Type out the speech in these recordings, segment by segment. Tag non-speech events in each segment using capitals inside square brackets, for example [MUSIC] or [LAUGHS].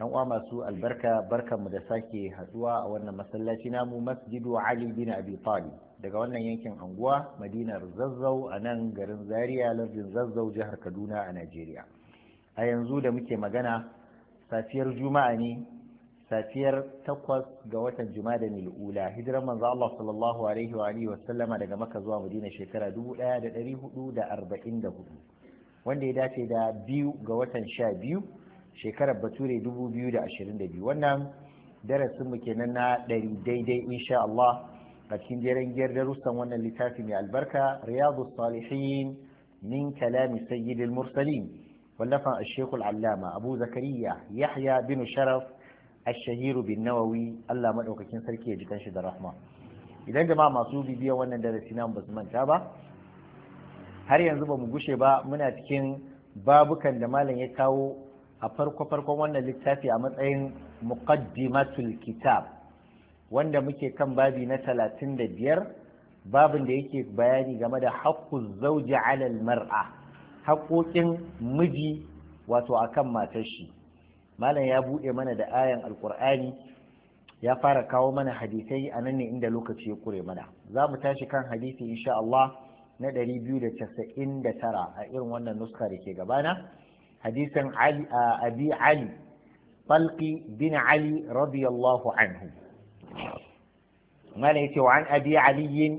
yan uwa masu albarka barkanmu da sake haduwa a wannan masallaci namu masjidu ali bin abi talib daga wannan yankin anguwa madinar zazzau a nan garin zaria lardin zazzau jihar kaduna a najeriya a yanzu da muke magana safiyar juma'a ne safiyar takwas ga watan juma'a mil'ula hijirar manzo Allah sallallahu alaihi wa alihi wasallama daga maka zuwa madina shekara hudu wanda ya dace da biyu ga watan sha biyu shekarar bature 2022 wannan darasin mu kenan na ɗari daidai insha Allah a cikin jeren giyar darussan wannan littafi mai albarka riyadu salihin min kalami sayyidil mursalin wallafan الشيخ allama abu zakariya yahya bin sharaf bin nawawi Allah madaukakin sarki ya ji kanshi da rahma idan jama'a masu bibiyan wannan darasi na ba su manta ba har yanzu ba mu gushe ba muna cikin babukan da malam ya kawo a farko-farkon wannan littafi a matsayin muqaddimatul kitab wanda muke kan babi na talatin da biyar babin da yake bayani game da haƙƙun zauji alal mar'a haƙoƙin miji wato akan matar shi malam ya buɗe mana da ayan alƙur'ani ya fara kawo mana hadisai a nan ne inda lokaci ya kure mana za mu tashi kan hadisi insha Allah na 299 a irin wannan nuska da ke gabana حديثا علي آه، أبي علي طلقي بن علي رضي الله عنه ما ليتي عن أبي علي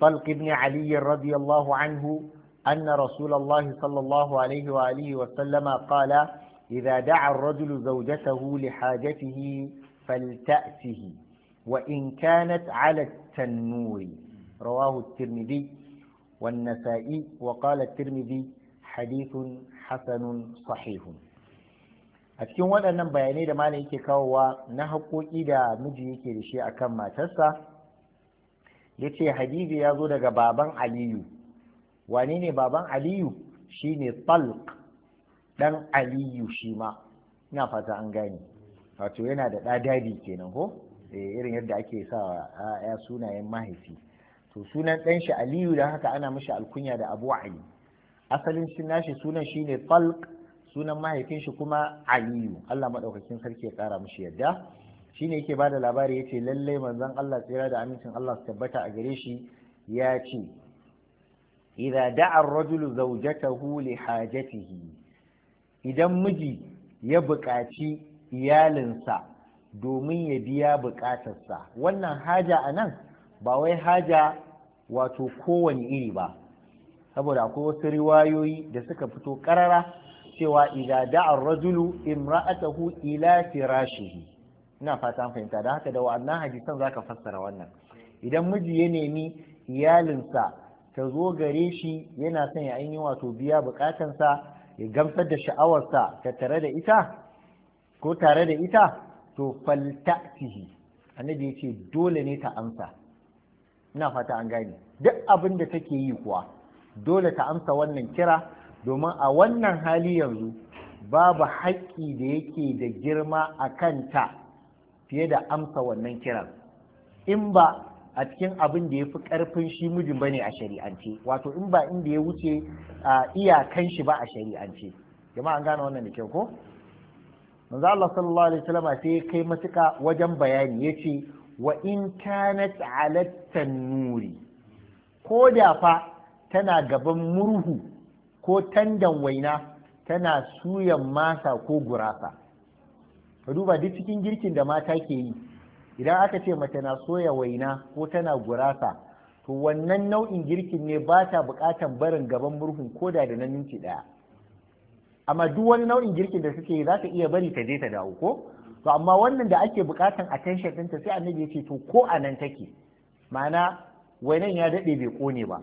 طلق بن علي رضي الله عنه أن رسول الله صلى الله عليه وآله وسلم قال إذا دعا الرجل زوجته لحاجته فلتأته وإن كانت على التنور رواه الترمذي والنسائي وقال الترمذي حديث hasanun sahihun a cikin waɗannan bayanai da malam yake kawowa na haƙoƙi da miji yake da shi akan matarsa ya ce hadidi ya zo daga baban aliyu wane ne baban aliyu ne talq ɗan aliyu shi ma ina fata an gane wato yana da ɗadadi kenan ko eh, irin yadda ake sa ya sunayen mahaifi to sunan ɗan shi aliyu da haka ana mashi alkunya da abu ali asalin shi nashi sunan ne falk sunan mahaifin shi kuma aliyu Allah madaukakin sarki ya kara mishi yadda shine yake bada labari yace lalle manzon Allah tsira da amincin Allah su tabbata a gare shi ya ce idza da'a ar-rajulu zawjatahu li hajatihi idan miji ya buƙaci iyalinsa domin ya biya buƙatarsa wannan haja anan ba wai haja wato kowane iri ba saboda akwai wasu riwayoyi da suka fito karara cewa idza da'a rajulu imra'atahu ila firashihi ina fata fahimta da haka da wannan hadisan zaka fassara wannan idan miji ya nemi iyalinsa ta zo gare shi yana son ya ainihin wato biya bukatansa ya gamsar da sha'awarsa ta tare da ita ko tare da ita to falta'tihi annabi yace dole ne ta amsa ina fata an gane duk abin da take yi kuwa dole ka amsa wannan kira domin a wannan hali yanzu babu haƙƙi da yake da girma a kanta fiye da amsa wannan kiran in ba a cikin abin da ya fi ƙarfin shi mijin bane a shari'ance wato in ba inda ya wuce a iyakan shi ba a shari'ance jama'a an gane wannan da kyau ko manzo Allah sallallahu alaihi wasallam sai ya kai matuka wajen bayani yace wa in kanat ala tanuri ko da fa tana gaban murhu ko tandan waina tana suyan masa ko gurasa ka duba duk cikin girkin da mata ke yi idan aka ce mace na soya waina ko tana gurasa to wannan nau'in girkin ne ba ta bukatan barin gaban murhun ko da na minti ɗaya amma duk wani nau'in girkin da suke yi za ta iya bari ta je ta dawo ko to amma wannan da ake bukatan a attention ɗinta sai annabi ya ce to ko a nan take ma'ana wainan ya daɗe bai ƙone ba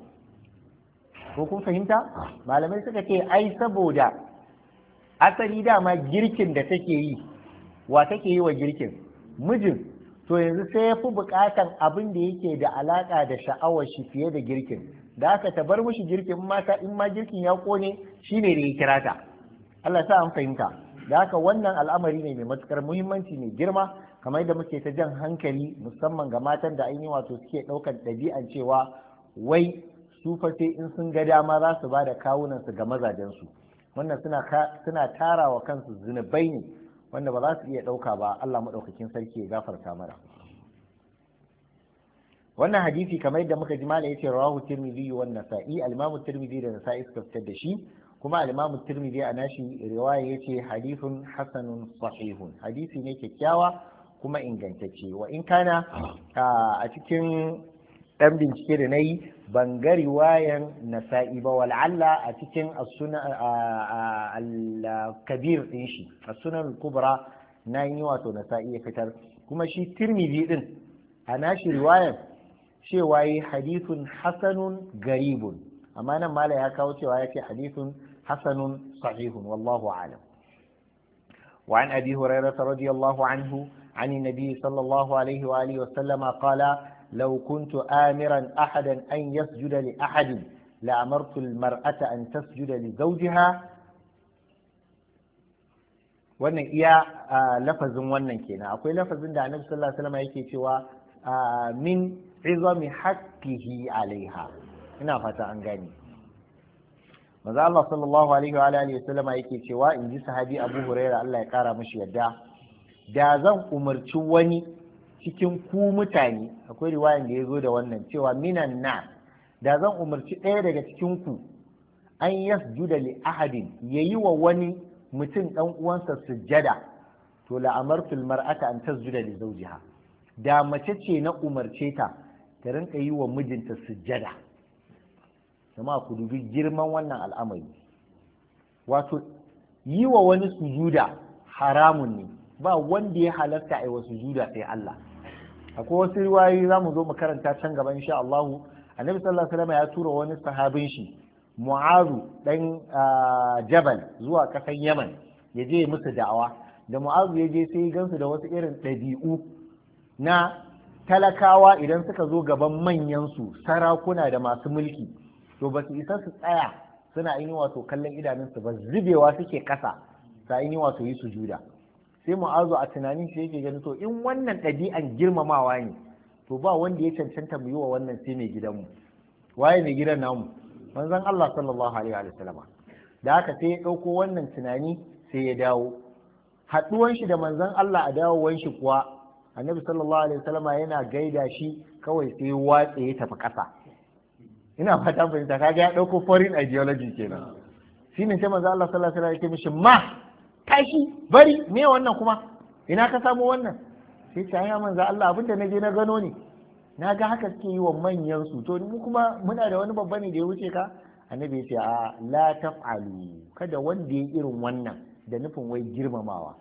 ko kun fahimta malamai suka ce ai saboda asali dama girkin da take yi wa take yi wa girkin mijin to yanzu sai ya fi abin da yake da alaƙa da sha'awar shi fiye da girkin da aka ta bar mishi girkin mata in ma girkin ya kone shi ne da ya kira ta Allah sa an fahimta da aka wannan al'amari ne mai matukar muhimmanci mai girma kamar da muke ta jan hankali musamman ga matan da an yi wato suke ɗaukan ɗabi'an cewa wai su fa in sun ga dama za su ba da kawunansu ga mazajensu wannan suna tara wa kansu zunubai ne wanda ba za su iya ɗauka ba Allah maɗaukakin sarki ya gafarta mara. wannan hadisi kamar yadda muka ji mala yace rawahu tirmidhi wa nasa'i al-imamu tirmidhi da nasa'i suka fitar da shi kuma al-imamu tirmidhi a nashi riwaya ce hadithun Hassanun sahihun hadisi ne kyakkyawa kuma ingantacce wa in kana a cikin dan bincike da nayi ban ga riwayan nasa'i ba wal'alla a cikin al-kabir din shi a sunan kubra na yi wato nasa'i ya fitar kuma shi tirmidhi din a nashi riwayan cewa yi hadithun hasanun garibun amma nan mala ya kawo cewa ya ce hadithun hasanun sahihun wallahu alam وعن أبي هريرة رضي الله عنه عن النبي صلى الله عليه وآله وسلم قال لو كنت آمرا أحدا أن يسجد لأحد لأمرت المرأة أن تسجد لزوجها wannan iya lafazin wannan kenan akwai lafazin da annabi sallallahu alaihi wasallam yake cewa min izami haqqihi alaiha ina fata an gane manzo Allah sallallahu alaihi wa alihi wasallam yake cewa in ji sahabi Abu Hurairah Allah ya kara mishi yadda da zan umarci wani cikin ku mutane akwai riwayan da ya zo da wannan cewa minan na da zan umarci ɗaya daga cikin ku an yasjuda li ahadin yayi wa wani mutum ɗan uwansa sujjada to la'amartul mar'ata an tasjuda li zawjiha da mace ce na umarce ta ta rinka yi wa mijinta sujjada jama'a ku dubi girman wannan al'amari wato yi wa wani sujuda haramun ne ba wanda ya halarta a yi wa sujuda sai Allah akwai wasu riwayoyi za mu zo mu karanta can gaba insha Allahu. annabi sallallahu alaihi wasallam ya tura wani sahabin shi mu'azu dan ah, jabal zuwa kasan yaman ya je musu da'awa da mu'azu ya je sai gansu da wasu irin ɗabi'u na talakawa idan suka zo gaban manyansu sarakuna da masu mulki to ba su isa su tsaya suna yin wato kallon idanunsu ba zubewa suke kasa sa yin wato yi sujuda sai mu'azu a tunanin shi yake gani to in wannan ɗabi'an girmamawa ne to ba wanda ya cancanta mu yi wa wannan sai mai gidanmu waye mai gidan namu manzon Allah sallallahu alaihi wa sallam da haka sai ya ɗauko wannan tunani sai ya dawo haɗuwan shi da manzon Allah a dawowan shi kuwa annabi sallallahu alaihi sallam yana gaida shi kawai sai watse ya tafi ƙasa ina fata fahimta kaga ya ɗauko foreign ideology kenan shine sai manzon Allah sallallahu alaihi wasallam ya ce mishi ma tashi bari me wannan kuma ina ka samu wannan sai ta ya manzo Allah abinda da je na gano ne na ga haka suke yi wa manyan su to mu kuma muna da wani babba ne da ya wuce ka annabi ya ce a la taf'alu kada wanda ya irin wannan da nufin wai girmamawa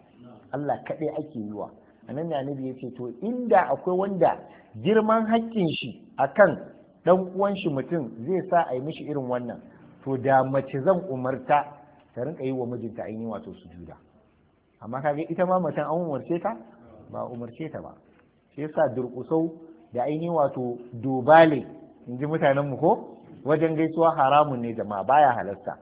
Allah kaɗai ake yi wa anan ne annabi ya ce to inda akwai wanda girman haƙƙin shi akan dan uwan shi mutum zai sa a yi mishi irin wannan to da mace zan umarta ta rinka yi wa mijinta ainihin wato sujuda amma ga ita ma mutum an umarce ta ba umarce ta ba shi yasa durƙusau da ainihin wato dubale in ji mutanen mu ko wajen gaisuwa haramun ne jama'a baya halasta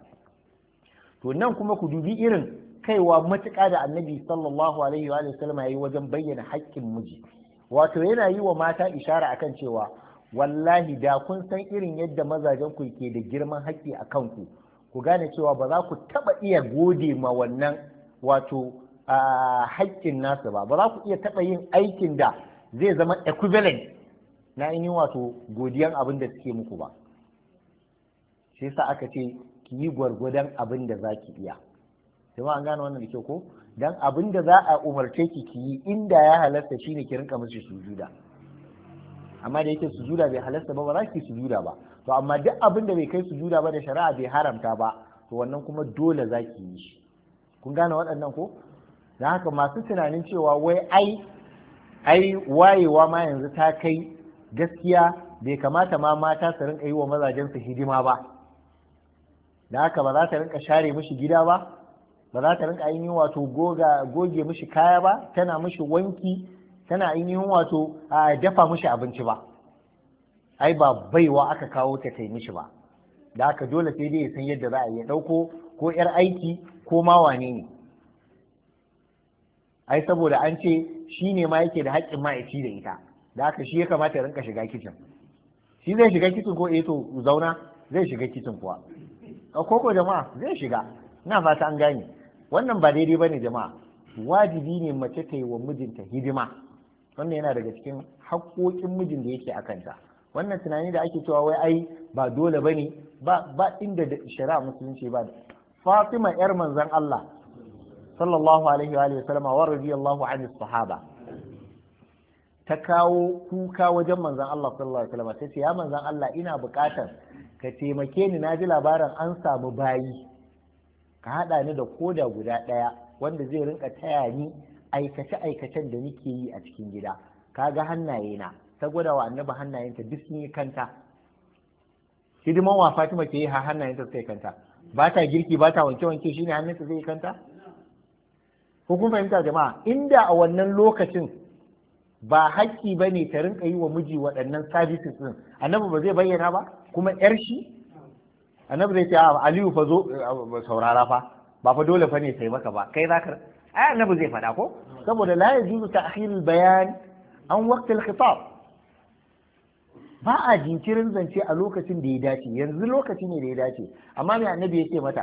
to nan kuma ku dubi irin kaiwa matuƙa da annabi sallallahu alaihi wa sallam yayi wajen bayyana haƙƙin miji wato yana yi wa mata ishara akan cewa wallahi da kun san irin yadda mazajen ku ke da girman haƙƙi a ku. ku gane cewa ba za ku taba iya gode ma wannan wato haƙƙin nasu ba ba za ku iya taba yin aikin da zai zama equivalent na ainihin wato godiyan abin da suke muku ba shi yasa aka ce ki yi gwargwadon abin da za ki iya jama'a an gane wannan da kyau ko don abin da za a umarce ki ki yi inda ya halatta shine ki rinka musu sujuda amma da yake sujuda bai halasta ba ba za ki sujuda ba to amma duk abin da bai kai sujuda ba da shari'a bai haramta ba to wannan kuma dole za ki yi shi kun gane waɗannan ko don haka masu tunanin cewa wai ai ai wayewa ma yanzu ta kai gaskiya bai kamata ma mata su rinka yi wa mazajen su hidima ba don haka ba za ta rinka share mishi gida ba ba za ta rinka ainihin wato goge mishi kaya ba tana mishi wanki tana ainihin wato a dafa mishi abinci ba ai ba baiwa aka kawo ta kai mishi ba da aka dole sai dai ya san yadda za a yi ɗauko ko 'yar aiki ko ma wane ne ai saboda an ce shi ne ma yake da haƙƙin ma'aiki da ita da aka shi ya kamata ya rinka shiga kicin shi zai shiga kicin ko eh zauna zai shiga kicin kuwa a koko jama'a zai shiga ina fata an gane wannan ba daidai ba ne jama'a wajibi ne mace ta yi wa mijinta hidima wannan yana daga cikin haƙoƙin mijin da yake kanta. wannan tunani da ake cewa wai ai ba dole bane ba ba inda da shari'a musulunci ba Fatima yar manzon Allah sallallahu alaihi wa alihi wasallam wa radiyallahu anhu sahaba ta kawo kuka wajen manzon Allah sallallahu alaihi wa sallama sai ce ya manzon Allah ina buƙatar ka taimake ni na ji labarin an samu bayi ka haɗa ni da koda guda ɗaya wanda zai rinka taya ni aikace-aikacen da nake yi a cikin gida kaga hannaye na ta gwada wa annaba hannayenta duk sun yi kanta hidiman wa Fatima ke yi ha hannayenta suka kanta ba ta girki ba ta wanke-wanke shine hannunta zai yi kanta ko kun fahimta jama'a inda a wannan lokacin ba hakki ba ne ta rinka yi wa miji waɗannan services din annabi ba zai bayyana ba kuma yar shi annabi zai ce a aliyu fa zo saurara fa ba fa dole fa ne sai maka ba kai zaka ai annabi zai faɗa ko saboda la ta ta'khirul bayan an al khitab ba a jinkirin zance a lokacin da ya dace yanzu lokaci ne da ya dace amma mai annabi yake mata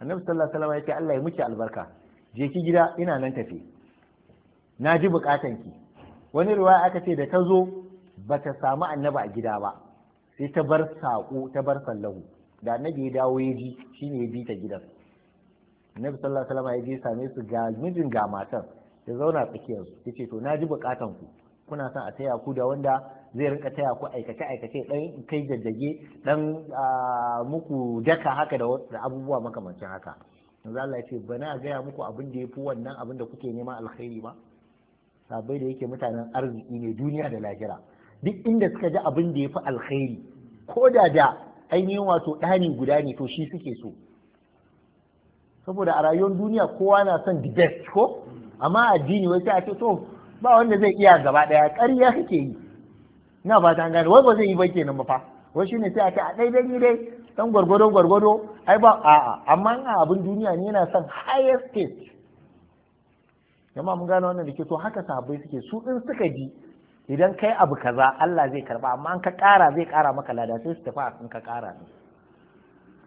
annabi sallallahu alaihi wasallam Allah ya muke albarka je ki gida ina nan tafi na ji bukatan ki wani riwaya aka ce da ta zo ba ta samu annabi a gida ba sai ta bar sako ta bar sallahu da annabi ya dawo ya ji shine ya bi ta gidan annabi sallallahu alaihi wasallam ya je same su ga mijin ga matan ya zauna tsakiyar su yace to naji bukatan ku kuna son a taya ku da wanda zai rinka taya ku aikace aikace dan kai jaddage dan muku daka haka da abubuwa makamancin haka yanzu Allah ya ce bana gaya muku abin da ya fi wannan abin da kuke nema alkhairi ba sabai da yake mutanen arziki ne duniya da lahira duk inda suka ji abin da ya fi alkhairi ko da da ainihin wato ɗani guda ne to shi suke so saboda a rayuwar duniya kowa na son the best ko amma addini wai sai a ce to ba wanda zai iya gaba daya ƙarya kake yi ina ba an gani wai ba zai yi ba kenan ba fa wai shine sai a ce a dai dai dai dan gwargwado gwargwado ai ba a amma a abin duniya ne yana son highest state, yamma mun gane wannan da ke to haka sabai suke su in suka ji idan kai abu kaza Allah zai karba amma an ka kara zai kara maka lada sai su tafi a ka kara ne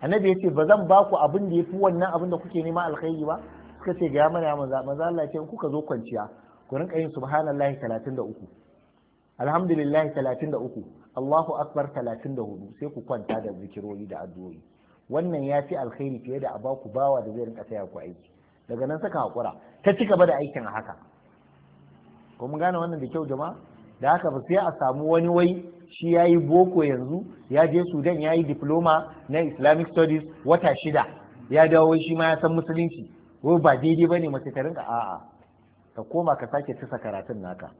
annabi yace ba zan ba ku abin da yafi wannan abin da kuke nema alkhairi ba suka ce ga mana manza manza Allah ya ce kuka zo kwanciya ku rinka yin subhanallahi 33 alhamdulillahi 33 Allahu akbar 34 sai ku kwanta da zikirori da addu'o'i wannan ya fi alkhairi fiye da a ba ku bawa da zai rinka taya ku aiki daga nan saka hakura ta ci gaba da aikin haka. haka kuma gane wannan da kyau jama'a da haka ba sai a samu wani wai shi ya yi boko yanzu ya je sudan ya yi diploma na islamic studies wata shida ya dawo shi ma ya san musulunci ko ba daidai ba ne mace ta rinka a'a ka koma ka sake cisa karatun naka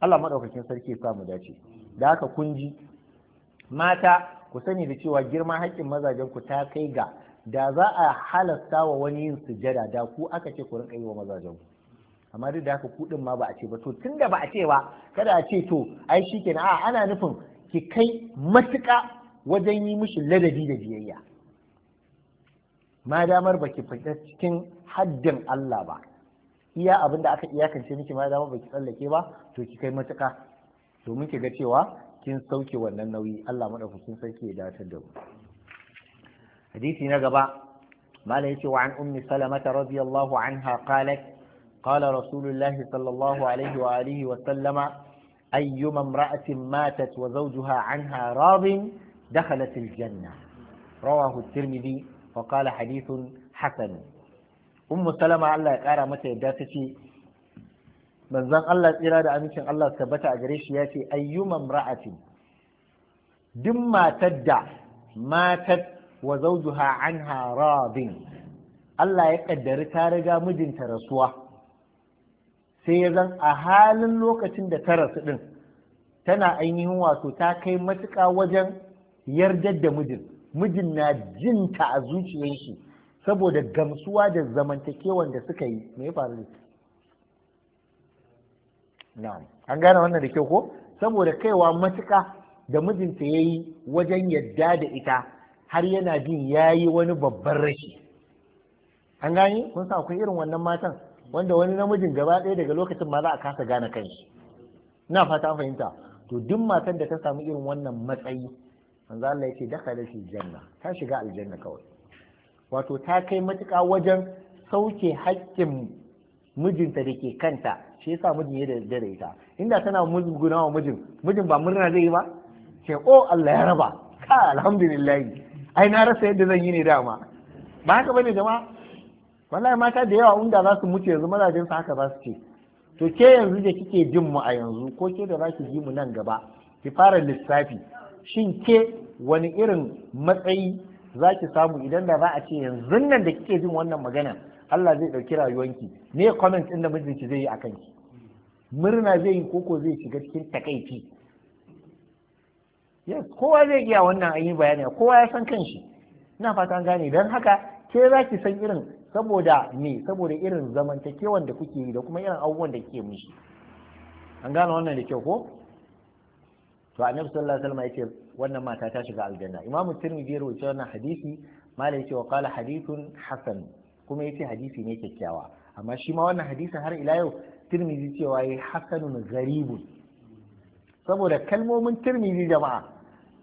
Allah maɗaukakin sarki ya samu dace da haka kun ji mata ku sani da cewa girma haƙƙin mazajen ku ta kai ga da za a halasta wa wani yin sujada da ku aka ce ku rinka yi wa mazajen ku amma duk da haka kuɗin ma ba a ce ba to tun da ba a ce ba kada a ce to ai shi na a ana nufin ki kai matuƙa wajen yi mishi ladabi da biyayya ma damar ba ki fita cikin haddin Allah ba iya abin da aka iyakance miki ma damar ba ki tsallake ba to ki kai matuƙa domin ki ga cewa kin sauke wannan nauyi Allah madaukakin sarki ya dace da mu hadisi na gaba malami yace wa an ummi salamata radiyallahu anha qalat قال رسول الله صلى الله عليه وآله وسلم أيما امرأة ماتت وزوجها عنها راض دخلت الجنة رواه الترمذي وقال حديث حسن أم سلمة الله يقارى متى يداتتي من زن الله إرادة أميشن الله ثبت أجريش ياتي أيما امرأة دم تدع ماتت وزوجها عنها راض Allah ya ƙaddari ta riga mijinta rasuwa sai ya zan a halin lokacin da ta rasu ɗin tana ainihin wato ta kai matuƙa wajen yardar da mijin mijin na jin ta a zuciyarsu shi saboda gamsuwa da zamantakewan da suka yi me ya faru na'am an gane wannan da kyau ko saboda kaiwa matuƙa da mijinta ya yi wajen yadda da ita har yana jin ya yi wani babban rashi an gane kun sa akwai irin wannan matan wanda wani namijin gaba ɗaya daga lokacin ma za a kasa gane kai ina fata an fahimta to duk matan da ta samu irin wannan matsayi manzo Allah yake dakhala shi janna ta shiga aljanna kawai wato ta kai matuƙa wajen sauke haƙƙin mijinta da ke kanta shi yasa mijin ya da ita inda tana muzguna wa mijin mijin ba murna zai yi ba ke o oh, Allah ya raba ka alhamdulillah ai na rasa yadda zan yi ne dama ba haka bane jama'a wallahi mata da yawa inda za su mutu yanzu mazajen su haka za su ce to ke yanzu da kike jin mu a yanzu ko ke da za ki ji mu nan gaba ki fara lissafi shin ke wani irin matsayi za ki samu idan da za a ce yanzu nan da kike jin wannan magana Allah zai ɗauki rayuwanki ne comment ɗin da mijinki zai yi a kanki murna zai yi koko zai shiga cikin takaici yes kowa zai iya wannan ayi bayani kowa ya san kanshi ina fata an gane dan haka ke za ki san irin saboda me saboda irin zamantakewan da kuke yi da kuma irin abubuwan da kuke mishi an gane wannan da kyau ko to annabi sallallahu alaihi wasallam yace wannan mata ta shiga aljanna imam tirmidhi rawaita wannan hadisi mala yace wa qala hadithun hasan kuma yace hadisi ne kyakkyawa amma shi ma wannan hadisin har ila yau tirmidhi cewa yayi hasanun gharibun saboda kalmomin tirmidhi jama'a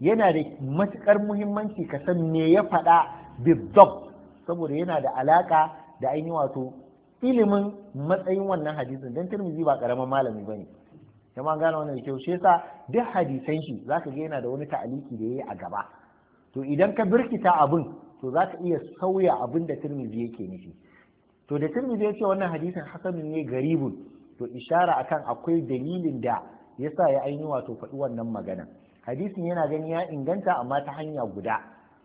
yana da matukar muhimmanci ka san me ya faɗa bizzab saboda yana da alaka da ainihin wato ilimin matsayin wannan hadisin don tirmizi ba karamin malami ba ne. kuma gane wannan da kyau shi yasa duk hadisan shi zaka ga yana da wani ta'aliki da ya yi a gaba to idan ka birkita abin to zaka iya sauya abin da tirmizi yake nufi to da tirmizi ya ce wannan hadisin hasanun ne garibu, to ishara akan akwai dalilin da ya sa ya ainihin wato faɗi wannan magana hadisin yana gani ya inganta amma ta hanya guda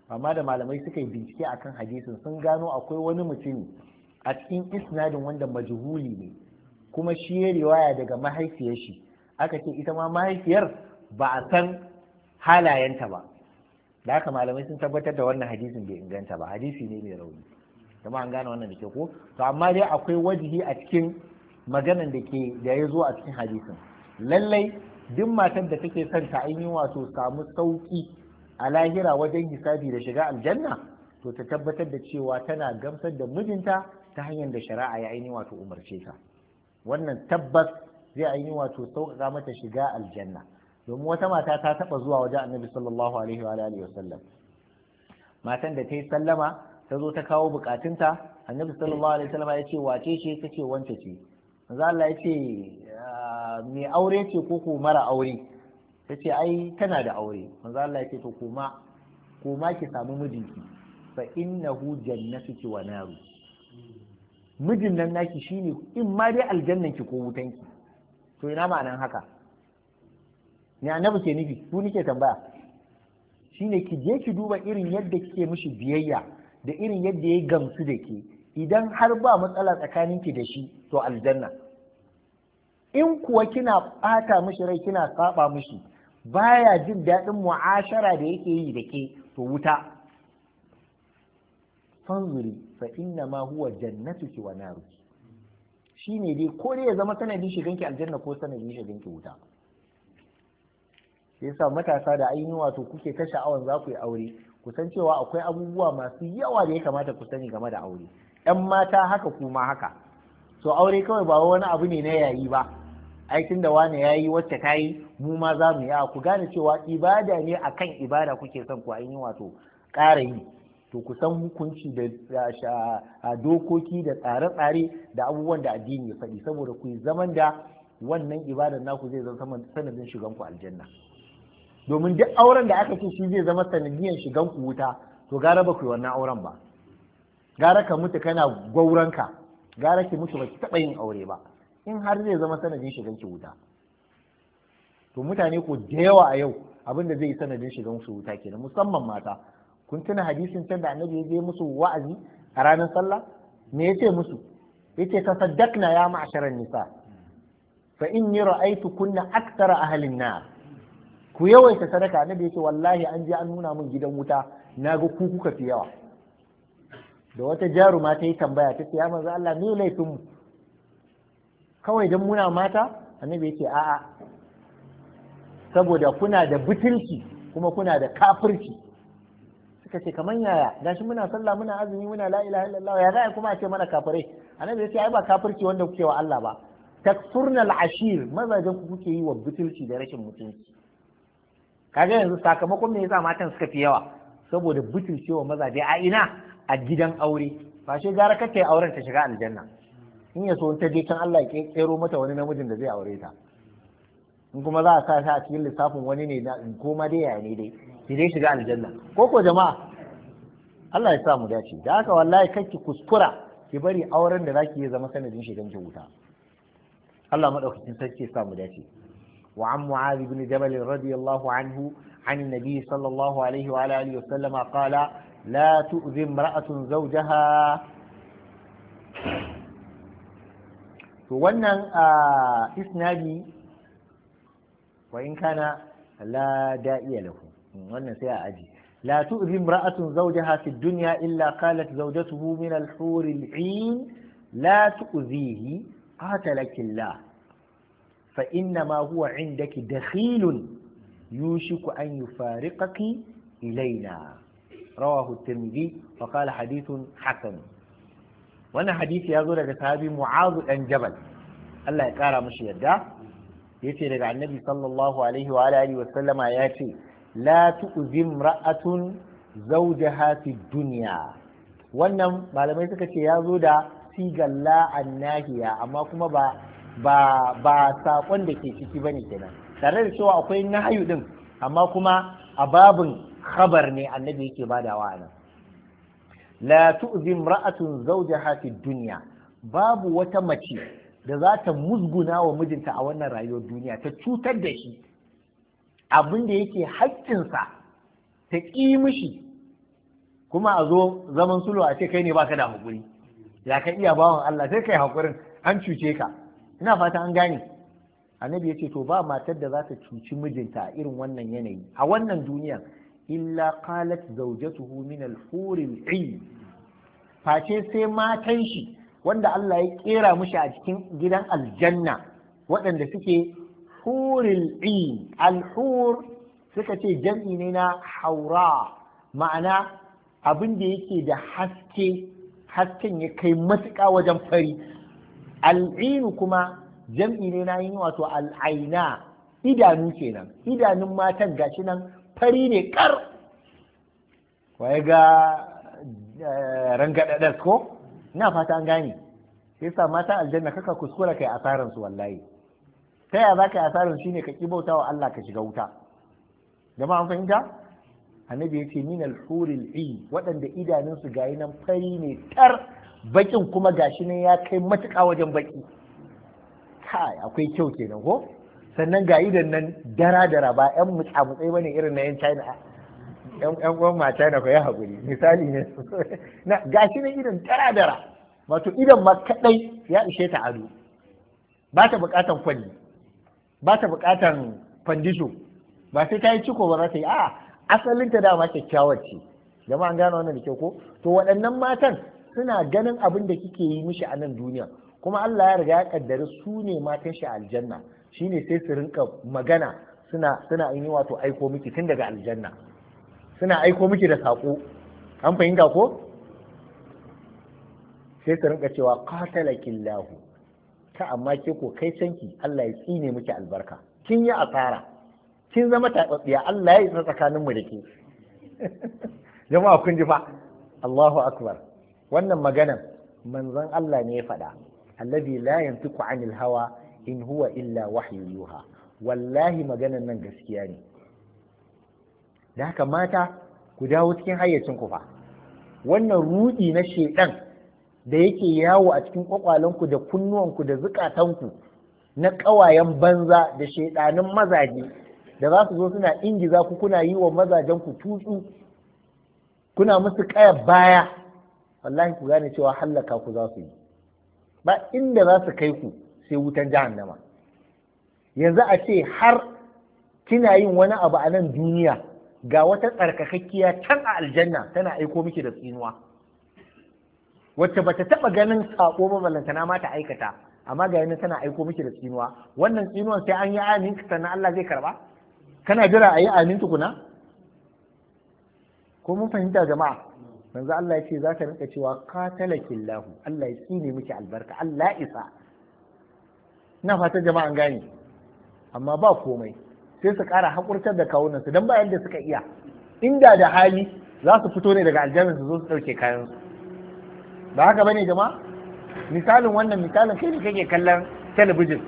amma da malamai suka yi bincike akan hadisin sun gano akwai wani mutum a cikin isnadin wanda majhuli ne kuma shi ya riwaya daga mahaifiyar shi aka ce ita ma mahaifiyar ba a san halayenta ba da haka malamai sun tabbatar da wannan hadisin bai inganta ba hadisi ne mai rauni kuma an gane wannan da ke ko to amma dai akwai wajihi a cikin maganan da ke da ya zo a cikin hadisin lallai duk matar da take son ta yi wato samu sauki a lahira wajen hisabi da shiga aljanna to ta tabbatar da cewa tana gamsar da mijinta ta hanyar da shari'a ya aini wato umarce ta wannan tabbas zai aini wato sauƙaƙa mata shiga aljanna domin wata mata ta taɓa zuwa wajen annabi sallallahu alaihi wa alihi sallam matan da ta yi sallama ta zo ta kawo bukatunta annabi sallallahu alaihi wasallam ya ce wace ce ta ce wance ce manzo Allah ya ce ah, me aure ce ko ko mara aure ta ce ai tana da aure manzo Allah ya ce to koma koma ki samu mijinki fa innahu jannatuki wa naru mijin nan naki shine in ma dai aljannan ki ko wutanki to ina ma'anan haka ni annabi ke nufi ku nike tambaya shine ki je ki duba irin yadda kike mishi biyayya da irin yadda ya gamsu da ke idan har ba matsala tsakanin ki da shi to aljanna in kuwa kina bata mishi rai kina saba mishi baya jin daɗin mu'ashara da yake yi da ke to wuta fanzuri fa inna ma huwa jannatu wa naru shine dai ko dai ya zama sanadin shiganki aljanna ko sanadin shiganki wuta sai sa matasa da ainihin wato kuke ta sha'awan za ku yi aure ku san cewa akwai abubuwa masu yawa da ya kamata ku sani game da aure yan mata haka kuma haka To aure kawai ba wani abu ne na yayi ba ai da wani yi wacce ta yi mu ma za mu yi ku gane cewa ibada ne a kan ibada kuke son ku yi wato ƙara yi to ku san hukunci da a dokoki da tsare-tsare da abubuwan da addini ya faɗi saboda ku yi zaman da wannan ibadar naku zai zama sanadin shigan ku aljanna domin duk auren da aka ce shi zai zama sanadiyar shigan ku wuta to gara ba ku yi wannan auren ba gara ka mutu kana gwauranka gara ki mutu ba ki taɓa yin aure ba in har zai zama sanadin shigan ki wuta to mutane ko da yawa a yau abin da zai yi sanadin shigan su wuta kenan musamman mata kun tuna hadisin can da annabi ya je musu wa'azi a ranar sallah me yace musu yace saddakna ya ma'sharan nisa fa inni ra'aytu kunna a ahlin nar ku yawaita sadaka annabi yace wallahi an je an nuna mun gidan wuta na ga ku kuka fi yawa da wata jaruma ta yi tambaya ta ce ya manzo Allah me laifin mu kawai don muna mata annabi yake a'a saboda kuna da butulci kuma kuna da kafirci suka ce kamar yaya gashi muna sallah muna azumi muna la ilaha illallah ya za kuma a ce mana kafirai annabi yace ai ba kafirci wanda kuke wa Allah ba takfurna al-ashir mazajen ku kuke yi wa butulci da rashin mutunci kaga yanzu sakamakon me yasa matan suka fi yawa saboda maza mazaje a ina a gidan aure ba shi gara kake auren ta shiga aljanna in ya so in ta je can Allah ya kero mata wani namijin da zai aure ta in kuma za a sa shi a cikin lissafin wani ne in koma dai yaya ne dai sai dai shiga aljanna ko ko jama'a Allah ya sa mu dace da haka wallahi ki kuskura ki bari auren da zaki yi zama sanadin shigan ki wuta Allah madaukakin sarki ya sa mu dace wa an mu'adh ibn jabal radiyallahu anhu عن النبي صلى الله عليه وعلى آله وسلم قال لا تؤذي امرأة زوجها to wannan a isnadi wa in la da'iya lahu wannan sai a aji la tu'zi imra'atun zawjaha fi dunya illa kala zawjatuhu min al-huri al-'ayn la tu'zihi qatalaki Allah fa inna ma huwa 'indaki dakhilun yushiku an yufariqaki ilaina. rawahu at-tirmidhi wa qala wannan hadisi ya zo daga sahabi mu'azu dan jabal Allah ya kara mushi yadda yace daga annabi sallallahu alaihi wa alihi wa sallama yace la tu'zim ra'atun zawjaha fi dunya wannan malamai suka ce ya zo da la annahiya amma kuma ba ba ba sakon da ke ciki bane kenan tare da cewa akwai nahayu din amma kuma a babun khabar ne annabi yake badawa nan la tu'zi imra'atun zawjaha fi dunya babu wata mace da za ta musguna wa mijinta a wannan rayuwar duniya ta cutar da shi abin da yake haƙƙinsa ta ƙi mishi kuma a zo zaman sulhu a ce kai ne baka da haƙuri ya ka iya bawan Allah sai kai haƙurin an cuce ka ina fata an gane annabi ya ce to ba matar da za ta cuci mijinta a irin wannan yanayi a wannan duniyar illa qalat zawjatuhu min al-huril face sai matan shi wanda Allah ya kera mushi a cikin gidan aljanna waɗanda suke huril al suka ce jam'i ne na haura ma'ana abin da yake da haske hasken ya kai matuƙa wajen fari al'inu kuma jam'i ne na yin wato al'aina idanu kenan idanun matan gashi nan fari ne kar waye ga eh, rangadadar ko na fata an gane sai sa mata aljanna kaka kuskura kai asaran su wallahi ta ya za ka yi asaran ne ka ki bautawa Allah ka shiga wuta jama'a an fahimta annabi ya ce min al-huril ayn waɗanda idanunsu gayi nan fari ne tar bakin kuma gashi ne ya kai matuka wajen baki kai akwai kyau kenan ko sannan ga idan nan dara dara ba yan mutsamutsai mutsai bane irin na yan China yan yan uwan ma China ko ya hakuri misali ne [LAUGHS] na gashi ne idan dara dara wato idan ma kadai ya ishe ta ado ba ta bukatan kwalli ba ta bukatan kwandisho ba sai ta yi ciko ba za ta yi a asalin ta dama kyakkyawar ce jama'a an gano wannan da kyau ko to waɗannan matan suna ganin abin da kike yi mishi a nan duniya kuma Allah ya riga ya kaddari su ne matan shi aljanna shine sai su rinka magana suna suna yi wato aiko miki tun daga aljanna suna aiko miki da saƙo an fahimta ko sai su rinka cewa qatalakillahu ta amma ke ko kai canki Allah ya tsine miki albarka kin yi asara kin zama taɓaɓɓiya Allah ya isa tsakaninmu da ke [LAUGHS] jama'a kun ji fa Allahu akbar wannan maganan manzon Allah ne ya faɗa allazi la yantiku anil hawa in huwa illa wahyu yuha wallahi maganan nan gaskiya ne da haka mata ku dawo cikin hayyacin ku fa wannan rudi na shedan da yake yawo a cikin kwakwalanku da kunnuwanku da zukatanku na ƙawayen banza da shedanin mazaje da za su zo suna ingiza ku kuna yi wa mazajenku ku tutsu kuna musu ƙaya baya wallahi ku gane cewa hallaka ku za su yi ba inda za su kai ku sai wutan jahannama yanzu a ce har kina yin wani abu a nan duniya ga wata tsarkakakkiya can a aljanna tana aiko miki da tsinuwa wacce bata taba ganin sako ba ballantana ma ta aikata amma ga yana tana aiko miki da tsinuwa wannan tsinuwan sai an yi amin sannan Allah zai karba kana jira a yi amin tukuna ko mun fahimta jama'a manzo Allah ya ce za ka rinka cewa qatala killahu Allah ya tsine miki albarka Allah isa ina fatan jama'an gane amma ba komai sai su kara haƙurtar da kawunan su don bayan da suka iya inda da hali za su fito ne daga aljamin su zo su ɗauke kayan su ba haka bane jama'a misalin wannan misalin kai ne kake kallon talabijin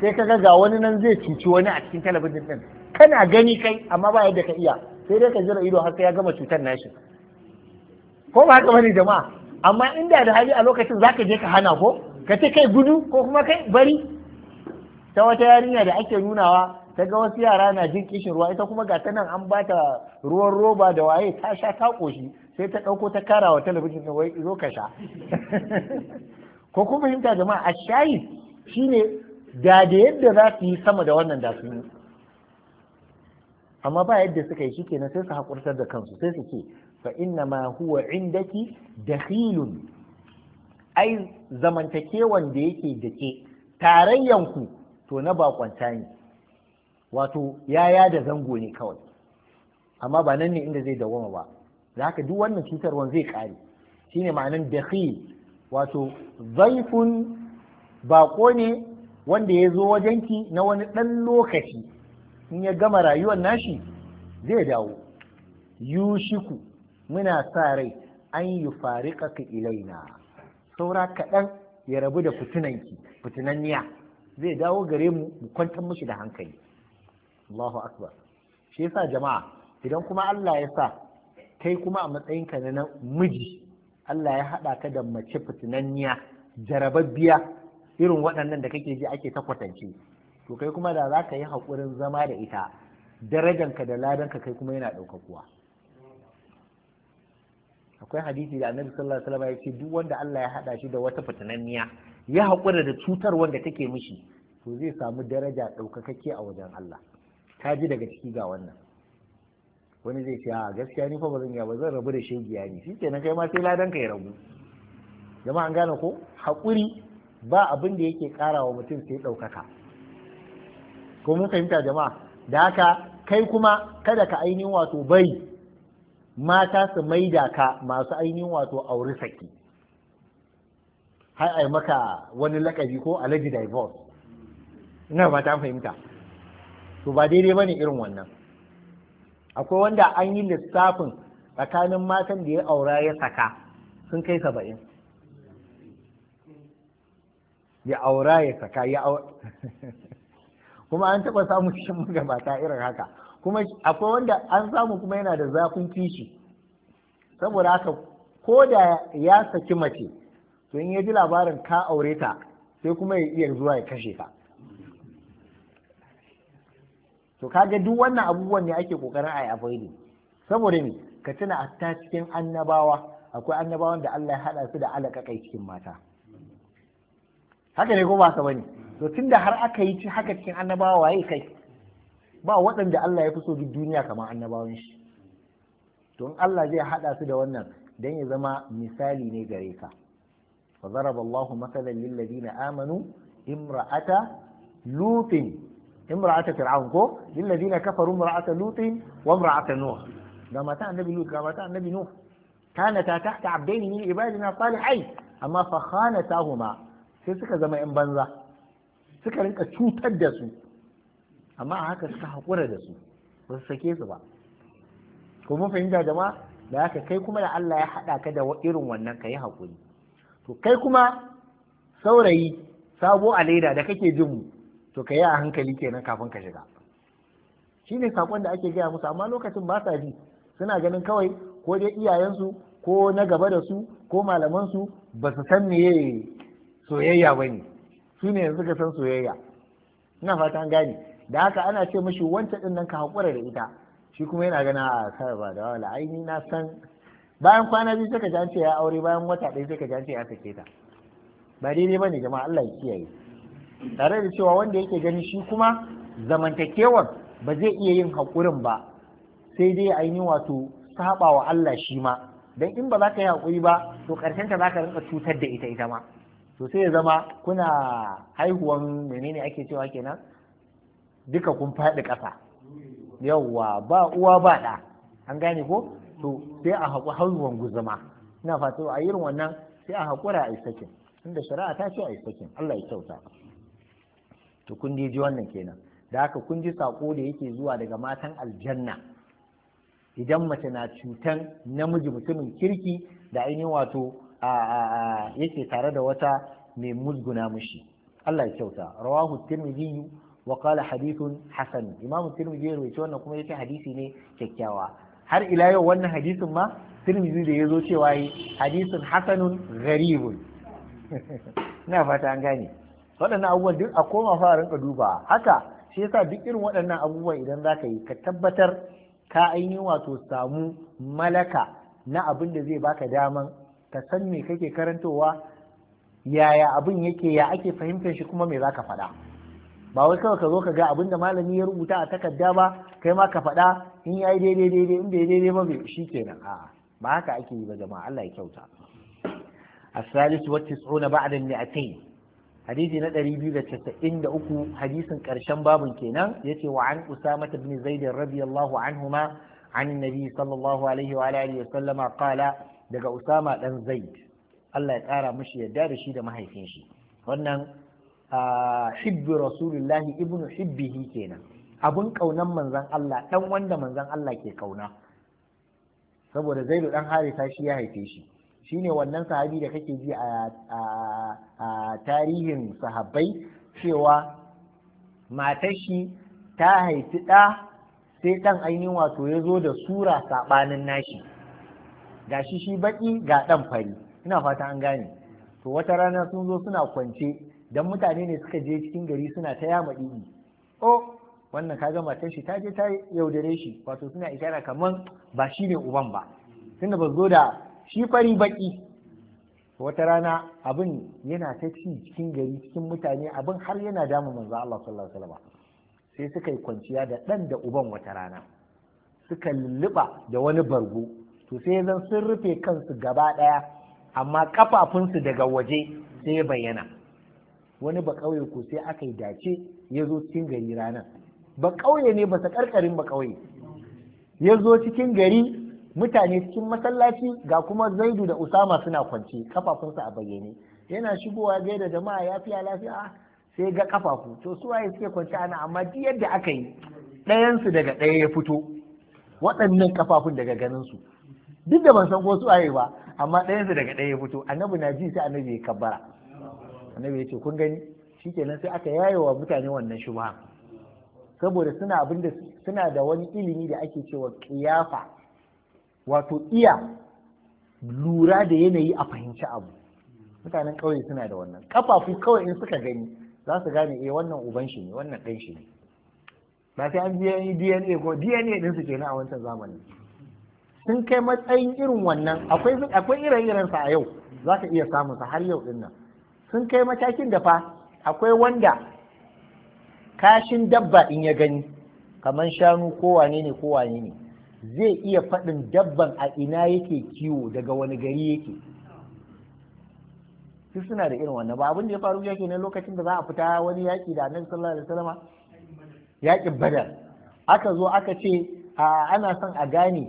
sai ka ga wani nan zai cuci wani a cikin talabijin din kana gani kai amma ba yadda ka iya sai dai ka jira ido har sai ya gama cutar nashi ko ba haka bane jama'a amma inda da hali a lokacin zaka je ka hana ko ka ce kai gudu ko kuma kai bari ta wata yarinya da ake nunawa ta ga wasu yara na jin kishin ruwa ita kuma ga ta nan an ba ta ruwan roba da waye ta sha ta koshi sai ta ɗauko ta kara wa talabijin da wai zo ka sha [LAUGHS] ko kuma fahimta jama'a a shayi shine ga da yadda za su yi sama da wannan da su amma ba yadda suka yi na sai su haƙurtar da kansu sai su ce fa inna ma huwa indaki dakhilun ai zamantakewan da yake da ke tarayyanku to na bakwanta ne wato yaya da zango ne kawai amma ba nan ne inda zai dawoma ba da haka duk wannan cutarwan zai kare shine ma'anan dakhil wato zaifun bako ne wanda ya zo wajenki na wani ɗan lokaci in ya gama rayuwar nashi zai dawo yushiku muna sa rai an yi fariƙa ilaina saura kaɗan ya rabu da fitinanki fitinanniya zai dawo gare mu mu kwantar mushi da hankali Allahu akbar shi yasa jama'a idan kuma Allah ya sa kai kuma a matsayinka na miji Allah ya haɗa ka da mace fitinanniya jarababbiya irin waɗannan da kake ji ake ta kwatance to kai kuma da za ka yi haƙurin zama da ita darajanka da ladanka kai kuma yana ɗaukakuwa akwai hadisi da annabi sallallahu alaihi wasallam ya ce duk wanda Allah ya haɗa shi da wata fitinanniya ya haƙura da cutar wanda take mishi to zai samu daraja ɗaukakakke a wajen Allah ta ji daga ciki ga wannan wani zai ce a gaskiya ni fa bazan zan ba zan rabu da shegiya ne shi kenan kai ma sai ladan ka ya rabu jama'a an gane ko haƙuri ba abin da yake ƙara wa mutum sai ɗaukaka ko mun fahimta jama'a da haka kai kuma kada ka ainihin wato bai mata su maida ka masu ainihin wato auri saki har ai maka wani lakabi ko alaji divorce ina ba ta fahimta to ba daidai bane irin wannan akwai wanda an yi lissafin tsakanin matan da ya aura ya saka sun kai saba'in ya aura ya saka ya [LAUGHS] kuma an taɓa samun shi magabata [LAUGHS] irin haka kuma akwai wanda an samu kuma yana da zafin kishi saboda haka ko da ya saki mace to in ya ji labarin ka aure ta sai kuma ya iya zuwa ya kashe ka to ga duk wannan abubuwan ne ake kokarin a avoiding saboda ne ka tuna ta cikin annabawa akwai annabawan da Allah ya hada su da alaka kai cikin mata haka ne ko ba ka bane to tunda har aka yi ci haka cikin annabawa waye kai ba waɗanda Allah ya fi so duk duniya kamar annabawan shi to in Allah zai hada su da wannan dan ya zama misali ne gare ka fa zaraba Allahu mathalan lil ladina amanu imra'ata lutin imra'ata fir'aun ko lil ladina kafaru imra'ata lutin imra'ata nuh da mata annabi lut ga mata annabi nuh kanata tahta abdaini min ibadina salihai amma fa khanatahuma sai suka zama yan banza suka rinka cutar da su amma a haka suka haƙura da su ba su sake su ba ko fahimta jama'a da haka kai kuma da Allah ya haɗa ka da irin wannan ka yi haƙuri to kai kuma saurayi sabo a leda da kake jin mu to ka yi a hankali kenan kafin ka shiga Shi ne sakon da ake gaya musu amma lokacin ba sa ji suna ganin kawai ko dai iyayensu ko na gaba da su ko malamansu ba su san meye soyayya ba ne su ne yanzu ka san soyayya ina fata an gane da haka ana ce mashi wancan din nan ka haƙura da ita shi kuma yana gana a sarrafa da wala aini na san bayan kwana biyu suka ji an ce ya aure bayan wata ɗaya suka ji an ce ya sake ta ba daidai bane jama'a Allah ya kiyaye tare da cewa wanda yake gani shi kuma zamantakewar ba zai iya yin hakurin ba sai dai ainihin wato saba wa Allah shi ma dan in ba za ka yi hakuri ba to ƙarshen ta za ka rinka cutar da ita ita ma to sai ya zama kuna haihuwan menene ake cewa kenan duka kun faɗi ƙasa yawwa ba uwa ba ɗa an gane ko to sai a haƙu hanzuwan guzuma ina fata a irin wannan sai a haƙura a yi sakin inda shari'a ta ce a yi sakin Allah ya kyauta to kun ji wannan kenan da haka kun ji sako da yake zuwa daga matan aljanna idan mace na cutan namiji mutumin kirki da ainihin wato yake tare da wata mai musguna mushi Allah ya kyauta rawahu tirmidhi wa qala hadithun hasan imam tirmidhi ya wannan kuma yace hadisi ne kyakkyawa har ila yau wannan hadisin ma tirmizi da ya zo cewa yi hadisin hasanun gharibun [LAUGHS] ina fata an gane waɗannan abubuwan duk a koma farin ka duba haka shi yasa duk irin waɗannan abubuwan idan za ka yi ka tabbatar ka yi wato samu malaka na abin da zai baka daman ka san me kake karantowa yaya abin yake ya ake fahimtar shi kuma me za ka faɗa ba wai kawai ka zo ka ga abin da malami ya rubuta a takarda ba kai ma ka faɗa in ya yi daidai daidai in bai daidai ba bai shi kenan a'a ba haka ake yi ba jama'a Allah ya kyauta as-salisu wa tis'una ba'da mi'atayn hadisi na 293 hadisin karshen babun kenan yace wa an usama ibn zaid radiyallahu anhuma an nabi sallallahu alaihi wa alihi sallama qala daga usama dan zaid Allah ya kara mishi yadda da shi da mahaifin shi wannan hibbi rasulullahi ibnu hibbihi kenan abun kaunan manzan Allah ɗan wanda manzan Allah ke ƙauna. saboda zaidu ɗan harisa shi ya haife shi shine wannan sahabi da kake ji a tarihin sahabbai cewa matar shi ta haifi ɗa sai ɗan ainihin wato ya zo da sura saɓanin nashi ga shi shi baƙi ga ɗan fari ina fata an gane to wata rana sun zo suna kwance dan mutane ne suka je cikin gari suna ta yama ɗini o wannan kaga matan shi ta je ta yaudare shi wato suna ishara kaman ba shi ne uban ba tunda ba zo da shi fari baƙi. wata rana abin yana ta ci cikin gari cikin mutane abin har yana damu manzo Allah sallallahu alaihi wasallam sai suka yi kwanciya da ɗan da uban wata rana suka lulluɓa da wani bargo to sai zan sun rufe kansu gaba ɗaya amma kafafunsu daga waje sai bayyana wani ba ƙauye ko sai aka yi dace ya zo cikin gari ranar ba ƙauye ne ba karkarin ba ƙauye ya zo cikin gari mutane cikin masallaci ga kuma zaidu da usama suna kwance kafafunsa a bayyane yana shigowa da jama'a ya fiya lafiya ah, sai ga kafafu to su waye suke kwance ana amma duk yadda aka yi ɗayansu daga ɗaya ya fito waɗannan kafafun daga ganinsu duk da ban san ko su waye ba amma ɗayansu daga ɗaya ya fito annabi na ji sai annabi ya kabbara annabi ya ce kun gani shikenan sai aka wa mutane wannan shubha saboda suna abin da suna da wani ilimi da ake cewa kiyafa wato iya lura da yanayi a fahimci abu mutanen ƙauye suna da wannan kafafu kawai in suka gani za su gane eh wannan uban shi ne wannan ɗan shi ne ba sai an biya DNA ko DNA din su kenan a wancan zamanin sun kai matsayin irin wannan akwai akwai irin irin sa a yau zaka iya samun sa har yau din nan sun kai matakin da fa akwai wanda kashin dabba in ya gani kamar shanu ko wane ne ko wane ne zai iya faɗin dabban a ina yake kiwo daga wani gari yake su suna da irin wannan ba abin ya faru yake ne lokacin da za a fita wani yaƙi da annabi sallallahu alaihi wasallam yaƙin badar aka zo aka ce ana son a gane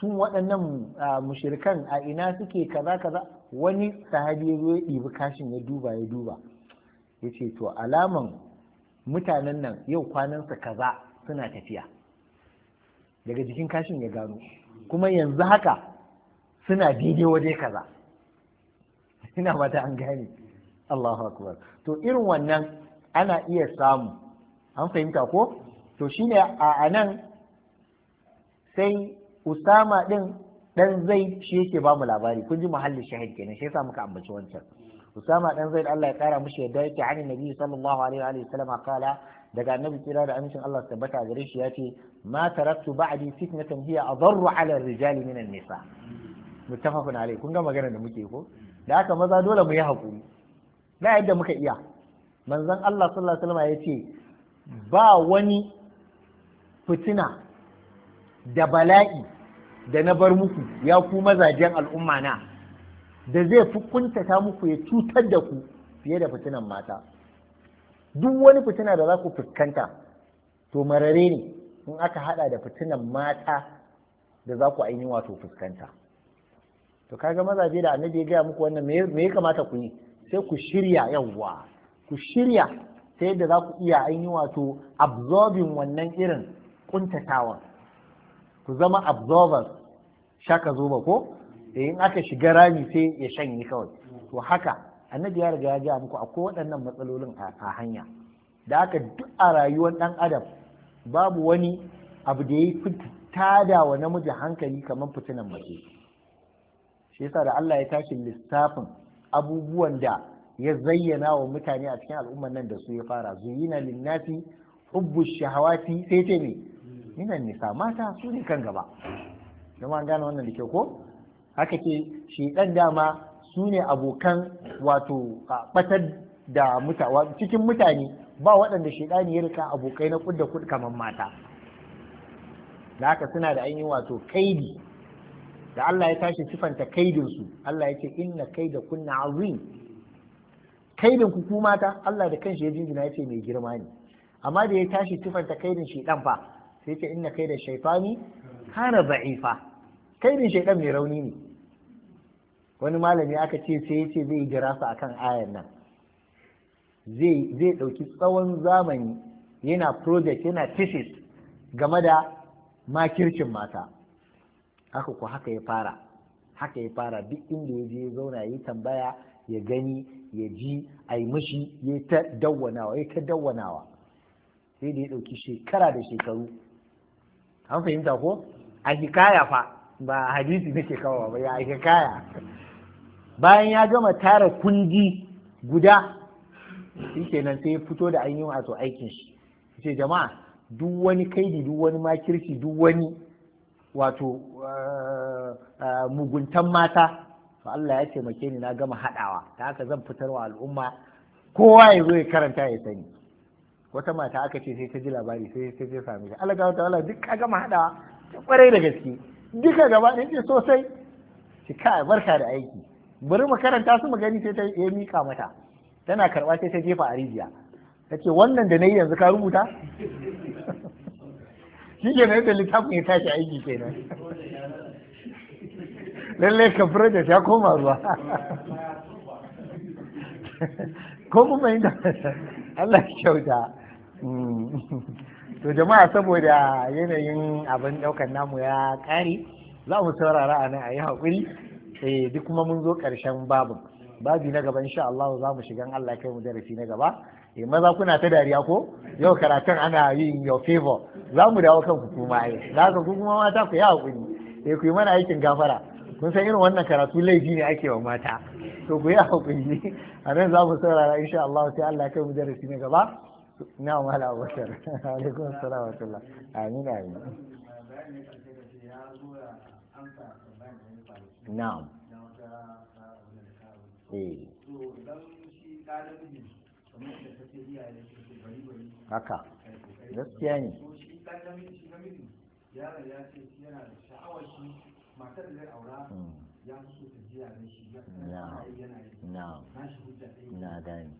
su waɗannan mushirikan a ina suke kaza kaza wani sahabi ya zo ya ɗibi kashin ya duba ya duba ya ce to alaman mutanen nan yau kwanansa kaza suna tafiya daga jikin kashin ya gano kuma yanzu haka suna daidai waje kaza ina mata an gane Allahu akbar to irin wannan ana iya samu an fahimta ko to shine a anan sai usama din dan zai shi yake ba mu labari kun ji muhallin shahid kenan shi yasa muka ambaci wancan usama dan zai Allah ya kara mushi yadda yake anin nabi sallallahu alaihi wa sallam kala daga annabi kira da amincin Allah tabbata gare shi yace ma taraktu ba'di fitnatan hiya adarru ala rijali min an-nisa muttafaqun alai kun ga magana da muke ko da haka maza dole mu yi hakuri na yadda muka iya manzon Allah sallallahu alaihi wasallam yace ba wani fitina da bala'i da na bar muku ya ku mazajen al'umma na da zai fi kuntata muku ya cutar da ku fiye da fitinan mata duk wani fitina da za ku fuskanta to marare ne in aka hada da fitinan mata da za ku ainihin wato fuskanta to kaga mazaje da annabi ya gaya muku wannan me ya kamata ku yi sai ku shirya yawwa ku shirya ta yadda za ku iya ainihin wato absorbing wannan irin kuntatawa ku zama absorbers shaka zoba ko eh, in aka shiga rami sai ya shanye kawai to haka annabi ya riga ya ga muku akwai waɗannan matsalolin a hanya da aka duk a rayuwar ɗan adam babu wani abu da ya fi tada wa namiji hankali kamar fitinan mace shi yasa da Allah ya tashi lissafin abubuwan da ya zayyana wa mutane a cikin al'ummar nan da su ya fara zuyina linnati hubbu shahawati sai ce ne nisa mata su ne kan gaba kuma an gane wannan da kyau ko haka ce dan dama sune ne abokan wato batar da mutawa cikin mutane ba waɗanda shaidani ya rika abokai na kudda kud kamar mata da haka suna da ainihin wato kaidi da Allah ya tashi sifanta kaidinsu Allah ya ce inna kaida kunna azim kaidin ku ku mata Allah da kanshi ya jinjina ya ce mai girma ne amma da ya tashi sifanta kaidin shaidan fa sai ce inna kaida shaytani kana baifa kaidin shekar mai rauni ne wani malami aka ce sai ya ce zai jira su akan ayan nan zai ɗauki tsawon zamani yana project yana thesis game da makircin mata haka ko haka ya fara haka ya fara duk inda ya je zauna ya tambaya ya gani ya ji a yi mashi ya ta dawwanawa ya ta dawwanawa sai da ya ɗauki shekara da shekaru an fahimta ko a hikaya fa ba hadisi nake kawo ba ya aika kaya bayan ya gama tara kundi guda shi kenan sai ya fito da ainihin wato aikin shi ce jama'a duk wani kaidi duk wani makirci duk wani wato eh, eh, muguntan mata to Allah ya taimake ni na gama haɗawa ta haka zan fitar wa al'umma kowa ya zo ya karanta ya sani wata mata aka ce sai ta ji labari sai ta je same shi Allah ga wala duk ka gama haɗawa ta kwarai da gaske duka gaba ɗin ce sosai ki kai barka da aiki bari makaranta karanta su magani sai ta ya mika mata tana karɓa sai ta jefa a rijiya ta ce wannan da na yi yanzu ka rubuta [LAUGHS] shi ke da littafin ya tashi aiki kenan [LAUGHS] lallai ka da ya koma ruwa [LAUGHS] ko kuma inda Allah kyauta hmm. to jama'a saboda yanayin abin ɗaukan namu ya ƙare za mu saurara a nan a yi haƙuri eh duk kuma mun zo ƙarshen babu babi na gaba insha Allah za mu shiga Allah kai mu darasi na gaba eh maza kuna ta dariya ko yau karatun ana yin your favor za mu dawo kan hukuma ai za ka ku kuma mata ku yi haƙuri eh ku yi mana aikin gafara kun san irin wannan karatu laifi ne ake wa mata to ku yi haƙuri a nan za mu saurara insha Allah sai Allah kai mu darasi na gaba na mala abubakar alaikun salam wa amin amin na'am eh. haka gaskiya ne da sha'awar na na gani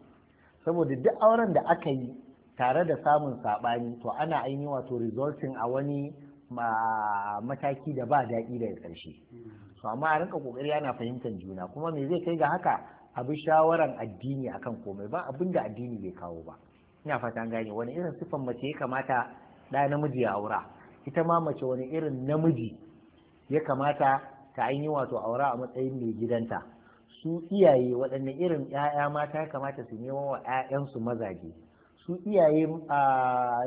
saboda duk auren da aka yi tare da samun saɓani to ana ainihin wato resulting a wani mataki da ba daɗi daga ƙarshe to amma a rinka ƙoƙari ana fahimtar juna kuma me zai kai ga haka abin shawaran addini akan komai ba abin da addini bai kawo ba ina fatan gane wani irin siffan mace ya kamata ɗa namiji ya aura ita ma mace wani irin namiji ya kamata ta ainihin wato aura a matsayin mai gidanta su iyaye waɗanne irin 'ya'ya mata ya kamata su nemo wa 'ya'yansu mazaje su iyaye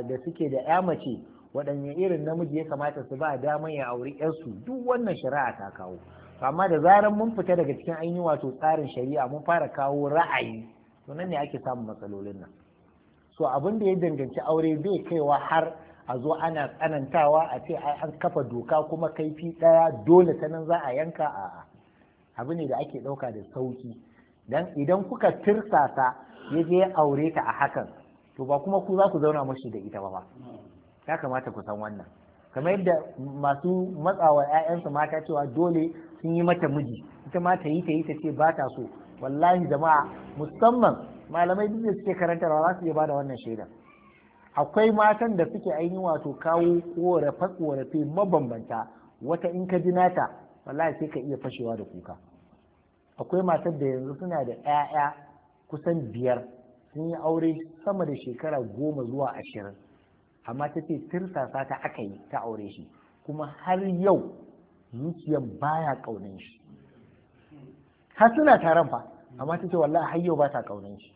da suke da 'ya mace waɗanne irin namiji ya kamata su ba dama ya auri 'yarsu duk wannan shari'a ta kawo amma da zarar mun fita daga cikin ainihin wato tsarin shari'a mun fara kawo ra'ayi to nan ne ake samun matsalolin nan so abin da ya danganci aure bai kaiwa har a zo ana tsanantawa a ce an kafa doka kuma kaifi ɗaya dole ta nan za a yanka a'a abu ne da ake ɗauka da sauki dan idan kuka tirsasa ya je ya aure ta a hakan to ba kuma ku za ku zauna mashi da ita ba ba ya kamata ku san wannan kamar yadda masu matsawa 'ya'yansu mata cewa dole sun yi mata miji ita ma ta yi ta yi ta ce ba ta so wallahi jama'a musamman malamai duk da suke karanta za su iya da wannan shaidar akwai matan da suke ainihin wato kawo korafe korafe mabambanta wata in ka ji nata wallahi sai ka iya fashewa da kuka akwai matar da yanzu suna da 'ya'ya kusan biyar sun yi aure sama da shekara goma zuwa ashirin amma ta ce tirsasa ta aka yi ta aure shi kuma har yau zuciyan baya kaunin shi har suna taron fa amma ta ce wallahi har yau ba ta kaunin shi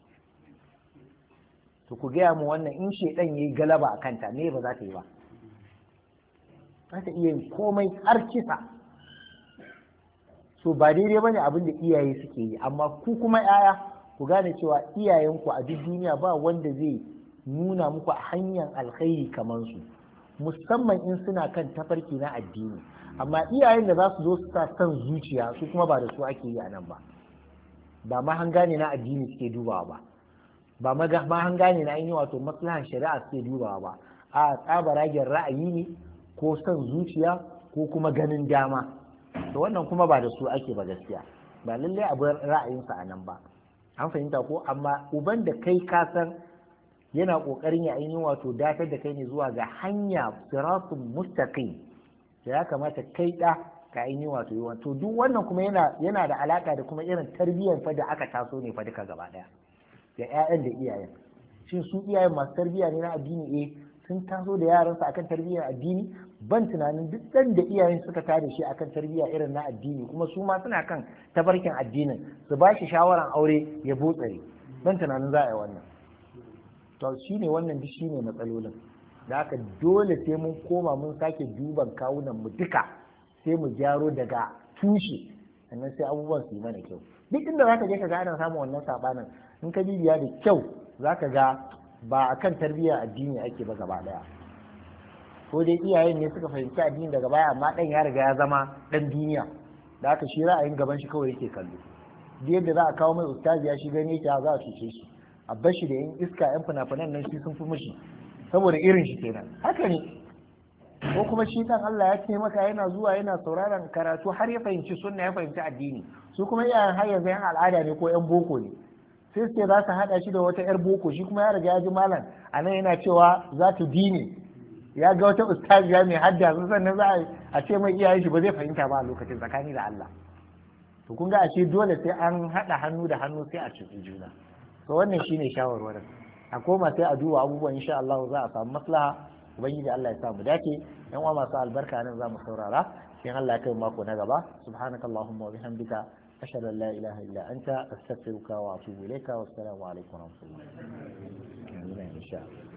to ku gaya mu wannan in shedan yayi galaba a kanta ne ba za ta yi ba za ta iya komai har kisa so ba daidai bane abin da iyaye suke yi amma ku kuma yaya ku gane cewa iyayenku a duk duniya ba wanda zai nuna muku hanyar alkhairi kamar su musamman in suna kan tafarki na addini amma iyayen da za su zo su sa son zuciya su kuma ba da su ake yi a nan ba ba ma hangane na addini suke dubawa ba ba ma hangane na ainihin wato maslahan shari'a suke dubawa ba a tsabaragen ra'ayi ne ko son zuciya ko kuma ganin dama to wannan kuma ba da su ake ba gaskiya ba lallai abu ra'ayinsa a nan ba an fahimta ko amma uban da kai ka san yana kokarin ya ainihin wato dafar da kai ne zuwa ga hanya siratun mustaqim da ya kamata kai da ka ainihin wato yi wato duk wannan kuma yana yana da alaka da kuma irin tarbiyyar fa da aka taso ne fa duka gaba daya Ga ƴaƴan da iyayen shin su iyayen masu tarbiyya ne na addini eh sun taso da yaransu akan tarbiyyar addini ban tunanin duk ɗan da iyayen suka tare shi akan tarbiyya irin na addini kuma su ma suna kan tabarkin addinin su ba shi shawaran aure ya botsare ban tunanin za a yi wannan to shi ne wannan duk shi ne matsalolin da aka dole sai mun koma mun sake duban kawunan mu duka sai mu gyaro daga tushe sannan sai abubuwan su yi mana kyau duk inda za ka je ka ga ana samun wannan sabanin in ka bibiya da kyau za ka ga ba akan tarbiyya addini ake ba gaba daya ko dai iyayen ne suka fahimci addini daga baya amma dan ya riga ya zama dan duniya da aka shi ra'ayin gaban shi kawai yake kallo duk yadda za a kawo mai ustazi ya shi gani yake za a cuce shi a bar shi da yan iska yan fina-finan nan shi sun fi mushi, saboda irin shi kenan haka ne ko kuma shi dan Allah ya ce maka yana zuwa yana sauraron karatu har ya fahimci sunna ya fahimci addini su kuma iyayen har yanzu yan al'ada ne ko yan boko ne sai sai za su haɗa shi da wata yar boko shi kuma ya riga ya ji malam a nan yana cewa za ta dini ya ga wata ustaziya mai hadda sun sannan za a ce mai iyayen shi ba zai fahimta ba a lokacin tsakani da Allah to kun ga ashe dole sai an haɗa hannu da hannu sai a cikin juna to wannan ne shawarwarin a koma sai a duba abubuwan insha Allah za a samu maslaha ubangiji Allah ya sa mu dace yan uwa masu albarka nan za mu saurara sai Allah ya kai mako na gaba subhanakallahumma wa bihamdika أشهد أن لا إله إلا أنت أستغفرك وأتوب إليك والسلام عليكم ورحمة الله rahmatullahi wa